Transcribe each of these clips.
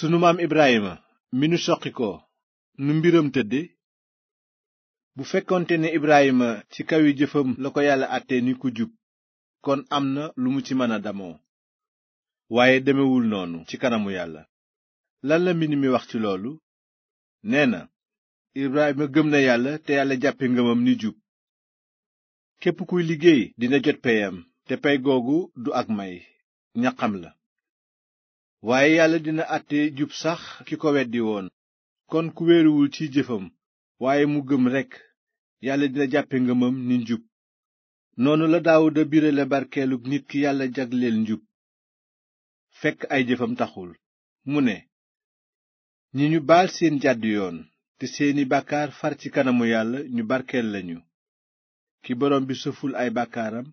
sunu maam Ibrahima mi nu soqikoo ko nu mbiram tëdde bu fekkonte ne Ibrahima ci kaw yi jëfam la ko yàlla àtte ni ku jub kon am na lu mu ci mën a damoo waaye demewul noonu ci kanamu yàlla lan la mbind mi wax ci loolu nee na Ibrahima gëm na yàlla te yàlla jàppe ngëmam ni jub képp kuy liggéey dina jot peyam te pey googu du ak may ñaqam la waaye yàlla dina àtte jub sax ki ko weddi woon kon ku wéeruwul ci jëfam waaye mu gëm rekk yàlla dina jàppe ngëmam ni njub noonu la daawuda birale barkeelub nit ki yàlla jagleel njub fekk ay jëfam taxul mu ne ñi ñu baal seen jàdd yoon te seeni bàkkaar far ci kanamu yàlla ñu barkeel lañu ki borom bi sëful ay bàkkaaram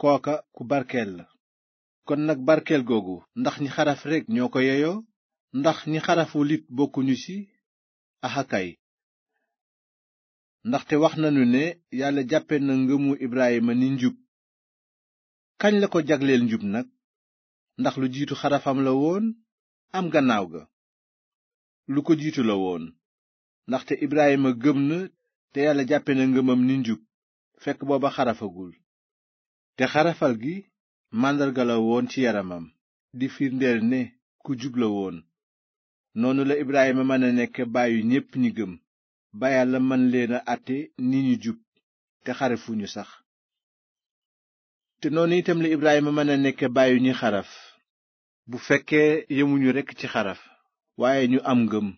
kooka ku barkeel la kon nag barkeel googu ndax ñi xaraf rekk ñoo ko yeyoo ndax ñi xaraful it bokkuñu ci axakay ndaxte wax nanu ne yàlla jàppe na ngëmu Ibrayima ni njub kañ la ko jagleel njub nag ndax lu jiitu xarafam la woon am gannaaw ga lu ko jiitu la woon ndaxte Ibrayima gëm na te yàlla jàppe na ngëmam ni njub fekk booba xarafagul te xarafal gi màndarga ci yaramam di firndeel ne ku jub la woon noonu la Ibrahima mën a nekk baayu ñépp ñi gëm ba yàlla mën leen a àtte ni ñu jub te xarafuñu sax te noonu itam la Ibrahima mën a nekk baayu ñuy xaraf bu fekkee yemuñu rekk ci xaraf waaye ñu am ngëm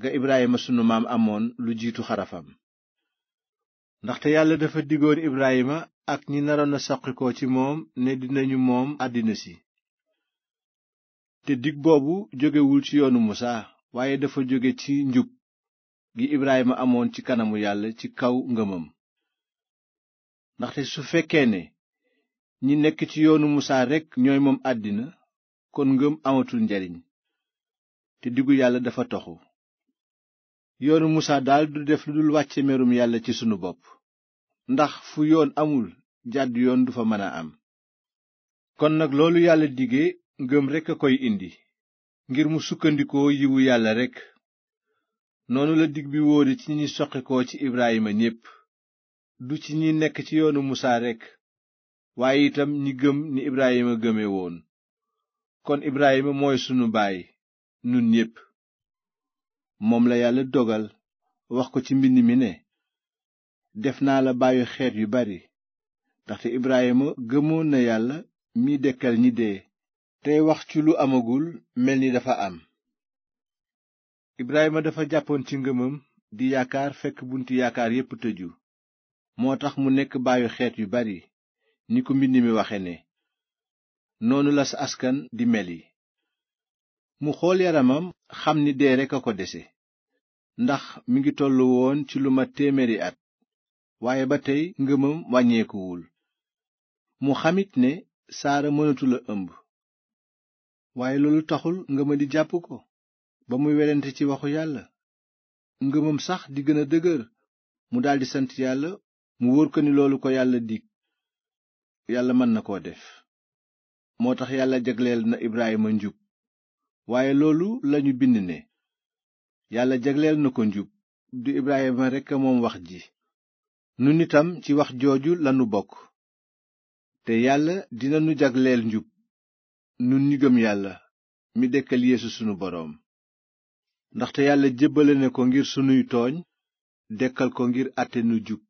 ga Ibrahima sunu maam amoon lu jiitu xarafam ndaxte yàlla dafa digoon Ibrahima ak ñi naroon a soqikoo ci moom ne dinañu moom àddina si te digg boobu jógewul ci yoonu musaa waaye dafa jóge ci njub gi Ibrahima amoon ci kanamu yàlla ci kaw ngëmam ndaxte su fekkee ne ñi nekk ci yoonu musaa rekk ñooy moom àddina kon ngëm amatul njariñ te diggu yàlla dafa toxu yoonu musaa daal du def lu dul wàcce merum yàlla ci sunu bopp ndax fu yoon amul jàdd yoon du mën a am kon nag loolu yàlla digge ngëm rekk a koy indi ngir mu sukkandikoo yiwu yàlla rekk noonu la digg bi wóori ci ñi soqikoo ci Ibrahima ñépp du ci ñi nekk ci yoonu Musaa rekk waaye itam ñi gëm ni Ibrahima gëme woon kon Ibrahima mooy sunu baay nun ñépp moom la yàlla dogal wax ko ci mbind mi ne def naa la baayu xeet yu bari ndaxte Ibrahima gëmoon na yàlla mi dekkal ñi dee tey wax ci lu amagul mel ni dafa am Ibrahima dafa jàppoon ci ngëmam di yaakaar fekk bunt yaakaar yépp tëju moo tax mu nekk baayu xeet yu bari ni ko mbind mi waxe ne noonu la sa askan di mel meli mu xool yaramam xam ni dee rekk a ko dese ndax mu ngi tollu woon ci lu ma téeméeri at waaye ba tey ngëmam wàññeekuwul mu xamit ne saara mënatula ëmb waaye loolu taxul ngëma di jàpp ko ba muy werante ci waxu yàlla ngëmam sax di gën a dëgër mu daldi sant yàlla mu wóor ko ni loolu ko yàlla dig yàlla mën na ko def moo tax yàlla jagleel na Ibrahima njub waaye loolu lañu bind ne yàlla jagleel na ko njub du Ibrahima rekk a moom wax ji nun itam ci wax jooju lanu bokk te yàlla dina nu jagleel njub nu ñi yàlla mi dekkal yéesu sunu boroom ndaxte yàlla jébbale na ko ngir sunuy tooñ dekkal ko ngir àtte nu jub